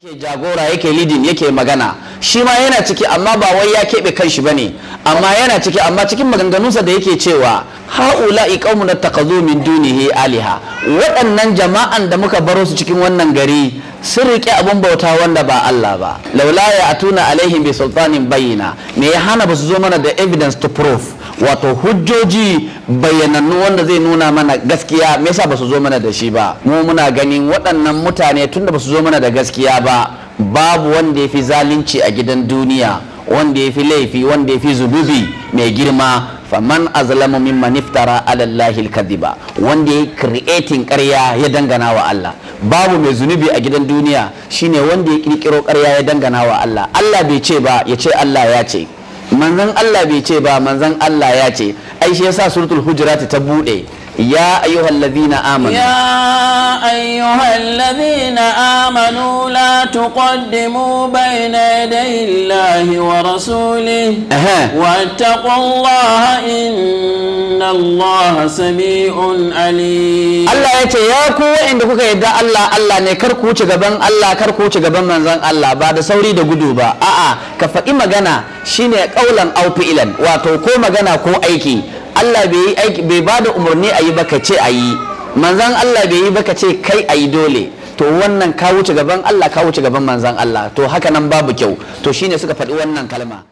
ke jagora yake leading yake magana shi ma yana ciki amma ba wai ya keɓe kanshi ne amma yana ciki amma cikin maganganunsa da yake cewa haula iqaumun takazu min dunihi aliha waɗannan jama'an da muka baro su cikin wannan gari sun riƙe abin bauta wanda ba Allah ba laula ya tuna alaihim bi sultanin bayyana me ya hana ba su zo mana da evidence to proof wato hujjoji bayyanannu wanda zai nuna mana gaskiya me yasa ba su zo mana da shi ba mu muna ganin waɗannan mutane tunda ba su zo mana da gaskiya ba babu wanda ya fi zalunci a gidan duniya wanda ya fi laifi wanda ya fi zububi mai girma faman azlamu mimman iftara ala Allahil ba. wanda ya creating ƙarya ya dangana wa Allah babu mai zunubi a gidan duniya shine wanda ya kirkiro karya ya dangana wa Allah Allah bai ce ba ya ce Allah ya ce manzon Allah bai ce ba manzon Allah ya ce ai shi yasa suratul hujurat ta bude ya ayyuhallazina amanu ya أيها الذين آمنوا لا تقدموا بين يدي الله ورسوله واتقوا الله إن الله سميع عليم الله يتي ياكو عندك يدى الله الله نكر كوچ غبان الله كر كوچ من منزان الله بعد سوري دو قدوبا آآ آه كفاقي مغانا شيني قولا أو فئلا واتو كو مغانا كو أيكي Allah bai ba da umarni a yi ba ka ce a manzan Allah bai yi ba ka ce kai a yi dole to wannan ka wuce gaban Allah ka wuce gaban manzan Allah to haka nan babu kyau to shine suka faɗi wannan kalma